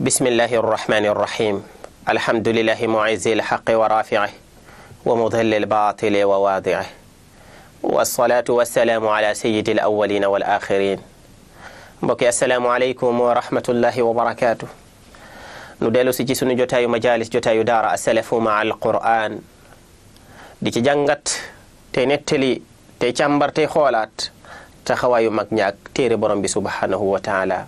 بسم الله الرحمن الرحيم الحمد لله معز الحق ورافعه ومظل الباطل وواضعه والصلاة والسلام على سيد الأولين والآخرين بكي السلام عليكم ورحمة الله وبركاته ندلو سجسون جتاي مجالس جتاي دار السلف مع القرآن ديكي جنغت تنتلي تيشامبر تيخولات تخوايو مكنياك تيري برمبي سبحانه وتعالى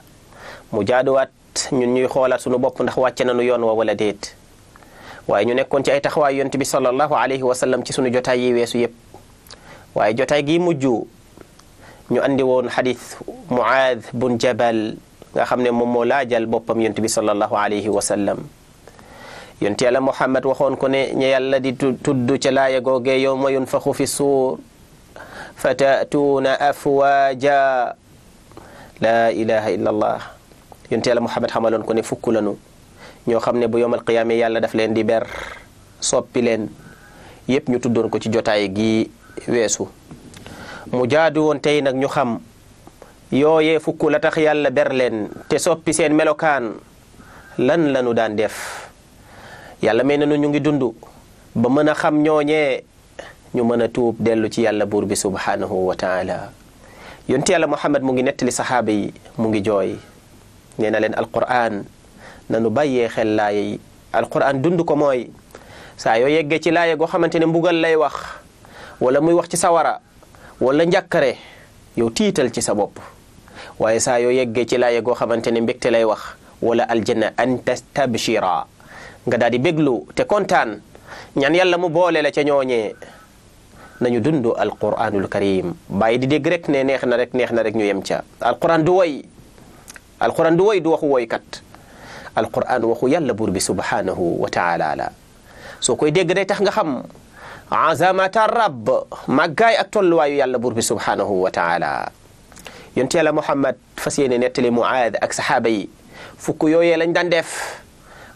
مجادوات taxawaat ñun ñuy xoolaat sunu bopp ndax wàcce nañu yoon wa wala déet waaye ñu nekkoon ci ay taxawaay yonent bi sallallahu alayhi wa ci sunu jotaay yi weesu yépp waaye jotaay gi mujj ñu andi woon xadis Muaad bun Jabal nga xam ne moom moo laajal boppam yonent bi sallallahu alayhi wa sallam yonent yàlla waxoon ko ne yàlla di tudd ca laaya googee fi suur fa afwaaja laa ilaha yalla muhammad xamalon ko ne fukk lanu ño xamne ne bu yomal qiyaame yalla daf leen di ber soppi leen yépp ñu tuddoon ko ci jotaay gi Yesu mu jaadu won tay nag ñu xam yoyé fukk la tax yalla ber leen te soppi seen melokan lan lanu daan def yalla may nañu ñu ngi dundu ba mëna xam ñooñee ñu mëna tuub ci yalla bur bi subhanahu wa taala yonte yalla muhammad mu ngi netti saxaaba yi mu ngi joy nee na leen alquran nanu bàyyee xel laaya yi alquran dund ko mooy saa yoo yeggee ci laaya goo xamante ne mbugal lay wax wala muy wax ci sawara wala njàkkare yow tiital ci sa bopp waaye saa yoo yeggee ci laaya goo xamante ne mbégte lay wax wala aljanna an tastabshira nga daal di béglu te kontaan ñaan yàlla mu boole la ca ñooñee nañu dund alquranul karim bàyyi di dégg rek ne neex na rek neex na rek ñu yem ca alquran du way القران دو وي دو خو وي كات القران وخو يالا بور بي سبحانه وتعالى لا سو كوي ديغ داي تاخ خام عظمه الرب ما جاي اك تول وايو يالا بور بي سبحانه وتعالى ينتي على محمد فسيني نتلي معاذ اك صحابي فكو يوي لا ندان ديف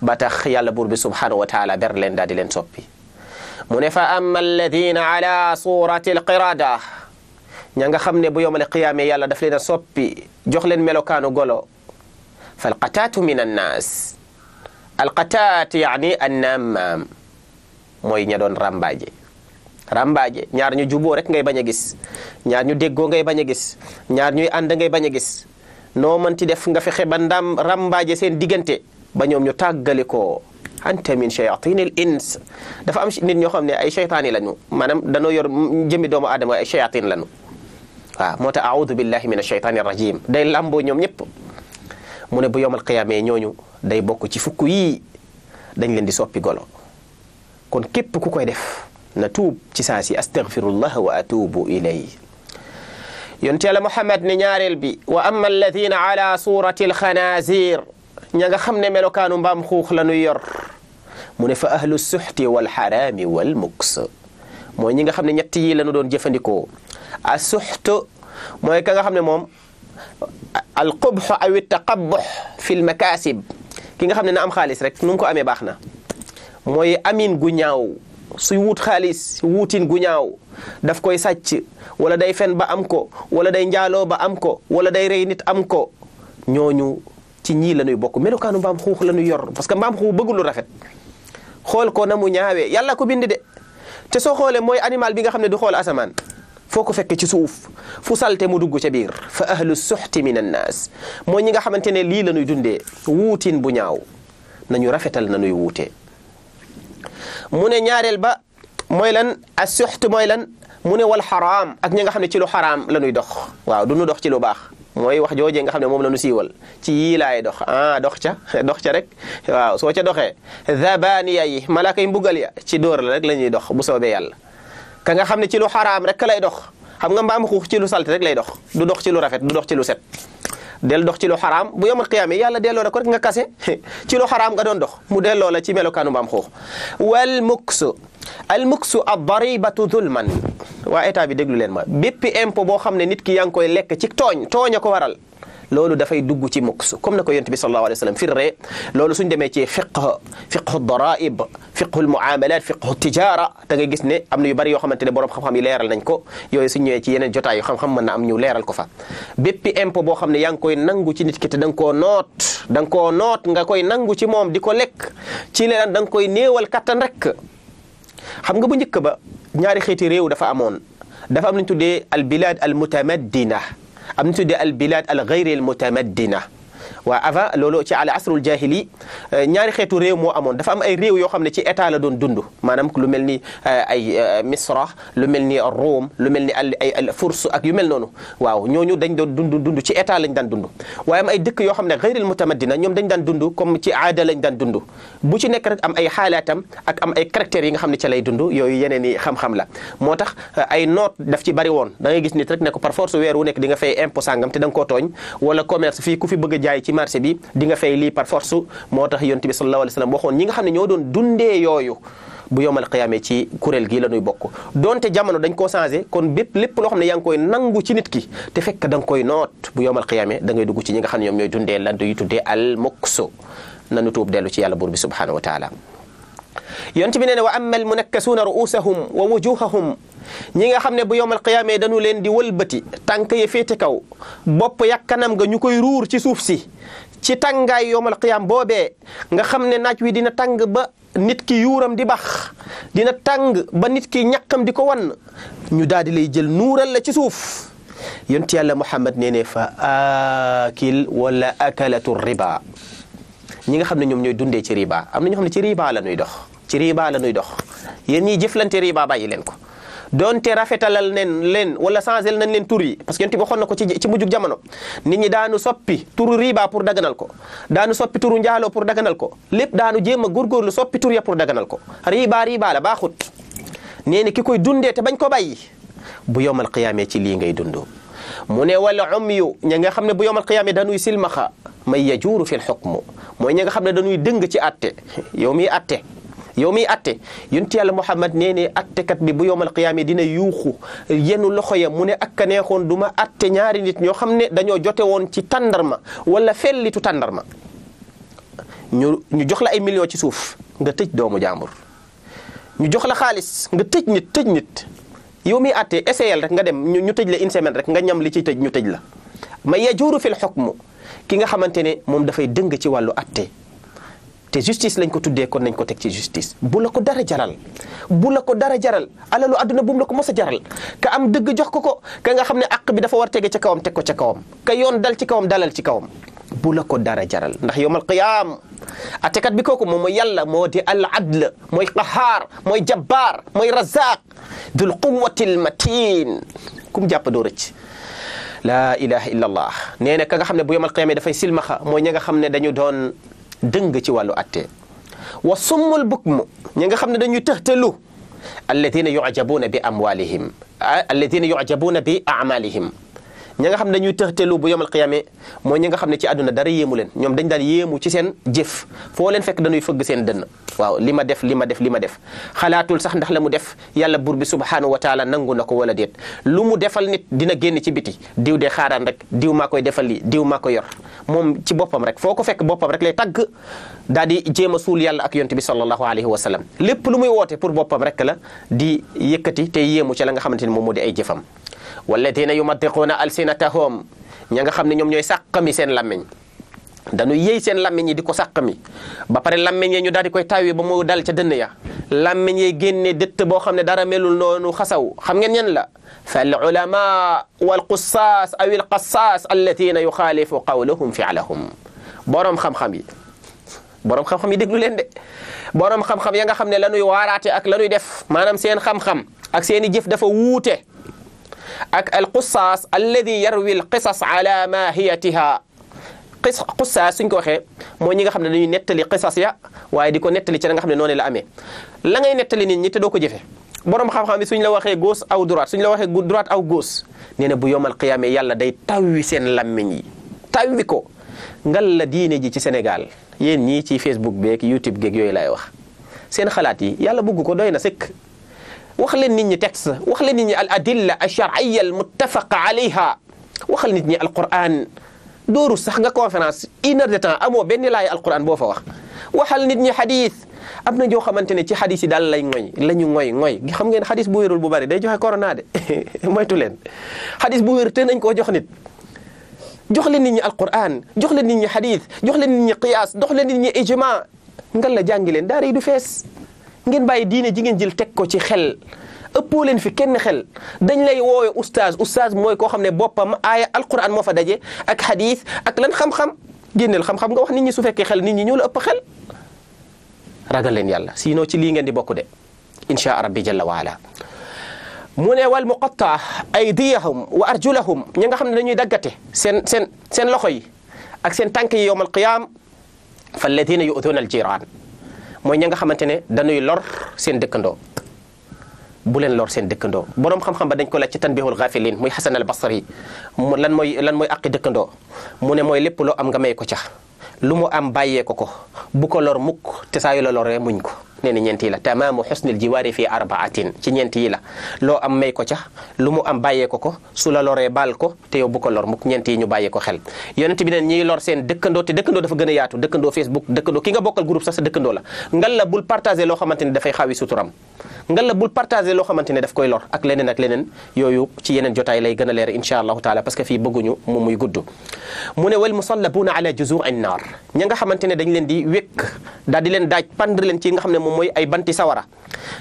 باتا خيال بور بي سبحانه وتعالى بير لين دادي لين صوبي منفا اما الذين على صوره القراده نيغا خامني بو يوم القيامه يالا داف صوبي jox leen melokaanu golo falqataatu min annaas alqataat yaani annammaam mooy ña doon rambaaje rambaje. ñaar ñu juboo rek ngay bañ a gis ñaar ñu déggoo ngay bañ a gis ñaar ñuy ànd ngay bañ a gis noo ti def nga fexe ba ndam rambaaje seen diggante ba ñoom ñu tàggale koo anta min shayatinil ins dafa am nit ñoo xam ne ay shaytaani lañu maanaam danoo yor jëmi doomu aadama ay shayatin lañu موتا أعوذ بالله من الشيطان الرجيم داي لامبو نيوم نيب مون بو يوم القيامه نيونو داي بوكو تي فوكو يي داني لين دي سوبي غولو كون كيب كوكو ديف نتوب تي ساسي استغفر الله واتوب اليه يونتي على محمد ني نياريل بي واما الذين على صوره الخنازير نيغا خامني ميلوكانو مبام خوخ لا نيور مون فاهل السحت والحرام والمكس mooy ñi nga xam ne ñett yi lañu doon jëfandikoo asuxtu mooy ka nga xam ne moom alqubxu aw taqabux fi l makasib ki nga xam ne na am xaalis rek nu ko amee baax na mooy amin gu ñaaw suy wut xaalis wuutin gu ñaaw daf koy sàcc wala day fen ba am ko wala day njaaloo ba am ko wala day rey nit am ko ñooñu ci ñii la ñuy bokk melokaanu mbaam xuux la ñuy yor parce que mbaam xuux bëggul lu rafet xool ko na mu ñaawee yàlla ko bind de te so xolé moy animal bi nga xamné du xol asaman foko ko ci suuf fu salte mu dugg ci bir fa ahlus suxti min nas mooy ñi nga xamante ne lii la ñuy dundee wuutin bu ñaaw nañu rafetal na wuté mune ñaarel ba moy lan as suht moy lan mune wal haram ak ñi nga xamné ci lu haram la ñuy dox waaw du ñu dox ci lu bax mooy wax jooje nga xam ne moom la nu siiwal ci yii laay dox ah dox ca dox ca rek waaw soo ca doxee zabaniya yi malaaka yi mbugal ya ci dóor la rek la ñuy dox bu soobee yàlla ka nga xam ne ci lu xaraam rek lay dox xam nga mbaam xuux ci lu salte rek lay dox du dox ci lu rafet du dox ci lu set del dox ci lu xaraam bu yomal qiyaama yàlla delloo ko rek nga kase ci lu xaraam nga doon dox mu delloo la ci melokaanu mbaam xuux wal muksu al muksu ad daribatu zulman waa état bi déglu leen ma bépp impôt boo xam ne nit ki yaa ngi koy lekk ci tooñ tooñ a ko waral loolu dafay dugg ci muks comme na ko yonent bi sallallahu alayhi wa sallam firree loolu suñ demee ci fiqh fiqhu daraib fiqhu muamalat fiqhu tijara da ngay gis ne am na yu bari yoo xamante ne borom xam-xam yi leeral nañ ko yooyu suñ ñëwee ci yeneen jotaay yu xam-xam mën na am ñu leeral ko fa béppi impôt boo xam ne yaa ngi koy nangu ci nit ki te da nga koo noot da nga koo noot nga koy nangu ci moom di ko lekk ci leneen danga koy néewal kattan rek xam nga bu njëkk ba ñaari xeeti réew dafa amoon dafa am lu ñu tuddee al bilad al mutamaddina أم تدي البلاد الغير المتمدنه wa avant lolo ci al asr al jahili ñaari xétu réew mo amone dafa am ay réew yo xamné ci état la doon dundu manam lu melni ay misra lu melni ni Rome lu melni ni ay al furs ak yu mel nonu waaw ñoñu dañ doon dundu dundu ci état lañ dan dundu waaye am ay dëkk yo xamné ghayr al mutamaddina ñom dañ dan dundu comme ci aada lañ dan dundu bu ci nek rek am ay halatam ak am ay caractère yi nga xamné ci lay dundu yoyu yeneeni xam-xam la motax ay note daf ci bari won da ngay gis nit rek nek par force wéru nek di nga fay impôt sangam te dang ko togn wala commerce fi ku fi bëgg jaay ci marché bi di nga fay moo tax yonent bi sallallahu wa sallam waxoon da nga koy noot bu yomal xiyaamee da ngay dugg ci ñi nga xam ne ñoom ñooy ñi nga xam ne ba bu yomal qiyaamee dañu leen di walbati tànk ya féete kaw bopp yakkanam nga ñu koy ruur ci suuf si ci tàngaay yomal qiyaam boobee nga xam ne naaj wi dina tàng ba nit ki yuuram di baax dina tàng ba nit ki ñàkkam di ko wan ñu daal di lay jël nuural la ci suuf yonent yàlla Muhammad nee ne fa aakil wala akalatu riba ñi nga xam ne ñoom ñooy dundee ci riba am na ñoo xam ne ci riba la ñuy dox ci riba la ñuy dox yéen ñiy jëflante riba bàyyi leen ko donte rafetalal nen leen wala changel nañ leen tur yi parce que yonent bi waxoon na ko ci ci mujjug jamono nit ñi daanu soppi turu riba pour daganal ko daanu soppi turu njaaloo pour daganal ko lépp daanu jéem a góorgóorlu soppi tur ya pour daganal ko riba riba la baaxut nee na ki koy dundee te bañ ko bàyyi bu yowmal qiyaamee ci lii ngay dund mu ne wala umyu ña nga xam ne bu yowmal qiyaamee dañuy silmaxa may yajuuru fil xukmu mooy ña nga xam ne dañuy dëng ci atte yow miy atte يومي أتي ينتي على محمد نيني أتي كات بيوم القيامة دين يوخو ينو لخويا موني أكا نيخون دوما أتي نياري نيت نيو خمنا دانيو جوتي وون تي تندرما ولا فيل تندرما نيو جوخ لأي مليون تي سوف نغا دومو جامر نيو جوخ لخالص نغا تيج نيت تيج نيت يومي أتي أسيال رك نغا ديم نيو تيج لإن سيمن رك نغا نيام لي تيج نيو تيج لا ما يجورو في الحكم كيغا خمانتيني موم دافاي دنگ تي أتي te justice lañ ko tuddee kon nañ ko teg ci justice bu la ko dara jaral bu la ko dara jaral alalu àdduna bu mu la ko mos a jaral ka am dëgg jox ko ko ka nga xam ne àq bi dafa war tege ci kawam teg ko ci kawam ka yoon dal ci kawam dalal ci kawam bu la ko dara jaral ndax yowmal qiyaam atekat bi kooku moom mooy yàlla moo di al adl mooy qahaar mooy jabbaar mooy razaq dul quwwatil matin kum jàpp doo rëcc laa ilaha illa allah nee na ka nga xam ne bu yowmal qiyaam dafay silmaxa mooy ña nga xam ne dañu doon dëng ci wàllu atte wa summul bukmu ñi nga xam ne dañuy tëxtalu alladina yujabuuna bi amwalihim alladina yujabuuna bi amalihim ñi nga xam ne dañuy lu bu yomal xiyaame mooy ñi nga xam ne ci àdduna dara yéemu leen ñoom dañ daal yéemu ci seen jëf foo leen fekk dañuy fëgg seen dënn waaw li ma def li ma def li ma def xalaatul sax ndax la mu def yàlla buur bi subhaanahu wa taala nangu na ko wala déet lu mu defal nit dina génn ci biti diw de xaaraan rek diw maa koy defal li diw maa ko yor moom ci boppam rek foo ko fekk boppam rek lay tagg daal di jéem a suul yàlla ak yonte bi sallallahu alayhi wa sallam lépp lu muy woote pour boppam rek la di yëkkati te yéemu ci la nga xamante ni moom moo di ay jëfam والذين يمتقون ألسنتهم نيغا خامني نيوم نيوي ساقمي سين لامين دانو يي سين لامين يي ديكو ساقمي با بار لامين ني دادي كوي تاوي با مو دال تي دن يا لامين يي генني دت بو خامني دارا ميلول نونو خساو خام نين لا فالعلماء والقصاص او القصاص الذين يخالف قولهم فعلهم بروم خام خامي بروم خام خامي ديغلو لين دي بروم خام خام ياغا خامني لا نوي واراتي اك لا نوي ديف مانام سين خام خام اك سيني جيف دافا ووتيه ak al qussaas alladi yarwi al qisas ala mahiyatiha qussaas suñ ko waxee moo ñi nga xam ne dañuy nettali qisas ya waaye di ko nettali ci la nga xam ne noonu la amee la ngay nettali nit ñi te doo ko jëfe borom xam-xam suñ la waxee gauche aw droite suñ la waxee droite aw gauche nee na bu yomal qiyaame yàlla day tawwi seen lammiñ yi tawwi ko ngal la diine ji ci senegal yéen ñii ci Facebook beeg YouTube geeg yooyu laay wax seen xalaat yi yàlla bugg ko doy na sëkk وخلي نيني تكس وخلي نيني الأدلة الشرعية المتفق عليها وخلي نيني القرآن دورو سخنا كونفرنس إنر دتا أمو بني لاي القرآن بوفا وخ وخل نيني حديث أبنا جو خمانتني تي حديثي دال لاي نوي لاي نوي نوي خم غين حديث بويرو البوباري دي جوهي كورونا دي موي تولين حديث بوير تنين كو جوخ نيت جوخ نيني القرآن جوخ نيني حديث جوخ نيني قياس جوخ نيني إجماع نقل لجانجلين داري دو ngeen bàyyi diine ji ngeen jël teg ko ci xel ëppoo leen fi kenn xel dañ lay woowe oustaz oustaz mooy koo xam ne boppam aaya alquran moo fa daje ak xadis ak lan xam-xam génneel xam-xam nga wax nit ñi su fekkee xel nit ñi ñoo la ëpp xel ragal leen yàlla sinon ci lii ngeen di bokk de insha rabbi jalla wa ala mu ne wal muqatta aydiyahum wa arjulahum ña nga xam ne dañuy daggate seen seen seen loxo yi ak seen tànk yi yowm alqiyam fa alladina yu'duna aljiran mooy ña nga xamante ne dañuy lor seen dëkkandoo bu leen lor seen dëkkandoo boroom xam-xam ba dañ ko laaj ci tanbihul ghafilin muy Hasan al Basri lan mooy lan mooy aqi dëkkandoo mu ne mooy lépp loo am nga may ko cax lu mu am bàyyee ko ko bu ko lor mukk te saa yu la loree muñ ko nee na ñeent yi la tamaamu xusnil jiwaari fii arbaatin ci ñeent yi la loo am may ko ca lu mu am bàyyee ko ko su la loree baal ko te yow bu ko lor mukk ñeent ñu bàyyee ko xel yonent bi neen ñiy lor seen dëkkandoo te dëkkandoo dafa gën yaatu dëkkandoo Facebook dëkkandoo ki nga bokkal groupe sax sa dëkkandoo la ngal la bul partagé loo xamante ne dafay xaawi suturam ngal la bul partagé loo xamante ne daf koy lor ak leneen ak leneen yooyu ci yeneen jotaay lay gën a leer insha allahu taala parce que fii bëgguñu mu muy gudd mu wal musallabuuna ala juzuu an naar nga xamante dañ leen di wékk daal di leen daaj pendre leen ci nga xam mooy ay banti sawara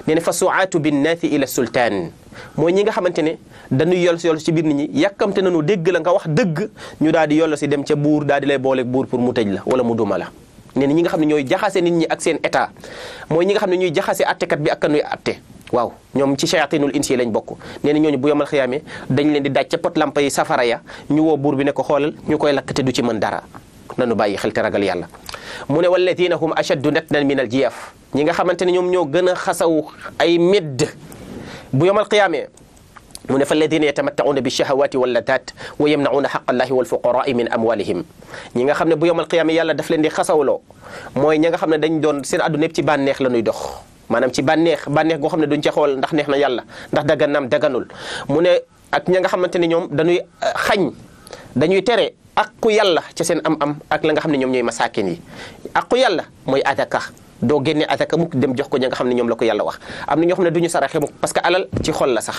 nee na fa suaatu binnaasi ila sultaan mooy ñi nga xamante ne dañuy yol si yol ci biir ni ñi yàkkamte nañu dégg la nga wax dëgg ñu daal di yol si dem ca buur daal di lay booleeg buur pour mu tëj la wala mu duma la nee na nga xam ne ñooy jaxase nit ñi ak seen état mooy ñi nga xam ne ñooy jaxase attekat bi ak kanuy atte waaw lañ bokk nee na ñooñu bu yomal xiyaame dañ leen di daaj ca pot lampa yi ya ñu woo buur bi ne ko xoolal ñu koy lakk du ci mën dara nanu bàyyi xel te ragal yàlla mu ne walladina hum ashaddu natnan min al jiyaf ñi nga xamanteni ñom ñoo gëna xassaw ay medd bu yomal qiyamé mu ne fa alladina yatamattauna bishahawati wallatat wa yamnauna wal fuqara'i min amwalihim ñi nga xamne bu yomal qiyamé yàlla daf leen di xassaw lo moy ñi nga xamne dañ doon seen àdduna yëpp ci banex la ñuy dox manam ci banex banex go xamne duñ ci xol ndax neex na yàlla ndax dagganaam daganul mu ne ak ñi nga xamanteni ñom dañuy xagn dañuy tere ak ku yàlla ci seen am-am ak la nga xamne ñom ñoy masakin yi ak ku yàlla moy adaka do génne ataka mukk dem jox ko ñinga xamné ñom la ko yàlla wax amna ñoo xam saraxe parce que alal ci xol la sax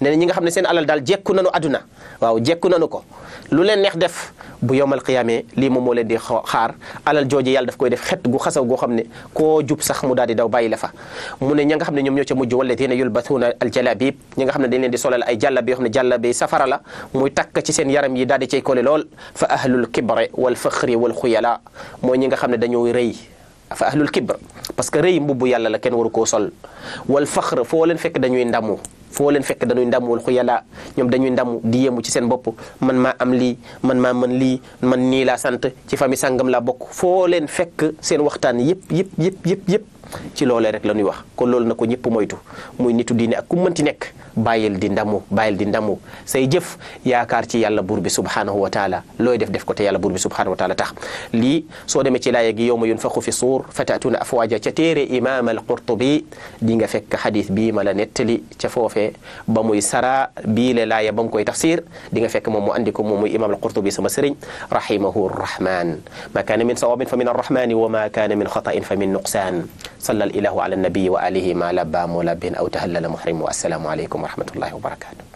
né na ñi nga seen alal dal jekku nanu aduna waaw jekku nanu ko lu leen neex def bu yomal qiyamé li mo mo leen di xaar alal jooju yàlla daf koy def xet gu xassaw go xamné ko jup sax mu daal di daw bayila fa mu ne nga xam ne ñoo ca mujj walladina yulbasuuna al jalabib ñi nga dañ leen di solal ay jalla bi xamné jalla bi safara la muy tak ci seen yaram yi daal di kole lol fa ahlul kibre wal fakhri wal khuyala mo ñi nga xam ne fa ahlul kibr parce que rëy mbubbu yàlla la kenn waru koo sol wal faxr foo leen fekk dañuy ndamu foo leen fekk dañuy ndamu wal xuyala ñoom dañuy ndamu di yéemu ci seen bopp man maa am lii man maa mën lii man nii laa sant ci famille sangam laa bokk foo leen fekk seen waxtaan yëpp yëpp yëpp yëpp yëpp ci loolee rek lañuy wax ko loolu nako ñëpp moytu muy nitu diine ak ku mënti nek bàyyil di ndamu bàyyil di ndamu say jëf yaakar ci yàlla buur bi wa taala loy def def ko te yàlla buur bi wa taala tax li so demé ci laye gi yawma yunfakhu fi sur fatatuna afwaja ca téere al qurtubi di nga fekk hadith bi mala la ci fofé ba muy sara bi le laye bam koy tafsir di nga fekk mom mu andi ko mom muy imam al qurtubi sama sëriñ rahimahu ar-rahman ma kana min sawabin fa min rahman wa ma kana min khata'in fa min nuqsaan صلى الإله على النبي وآله ما لبى ملب أو تهلل محرم والسلام عليكم ورحمة الله وبركاته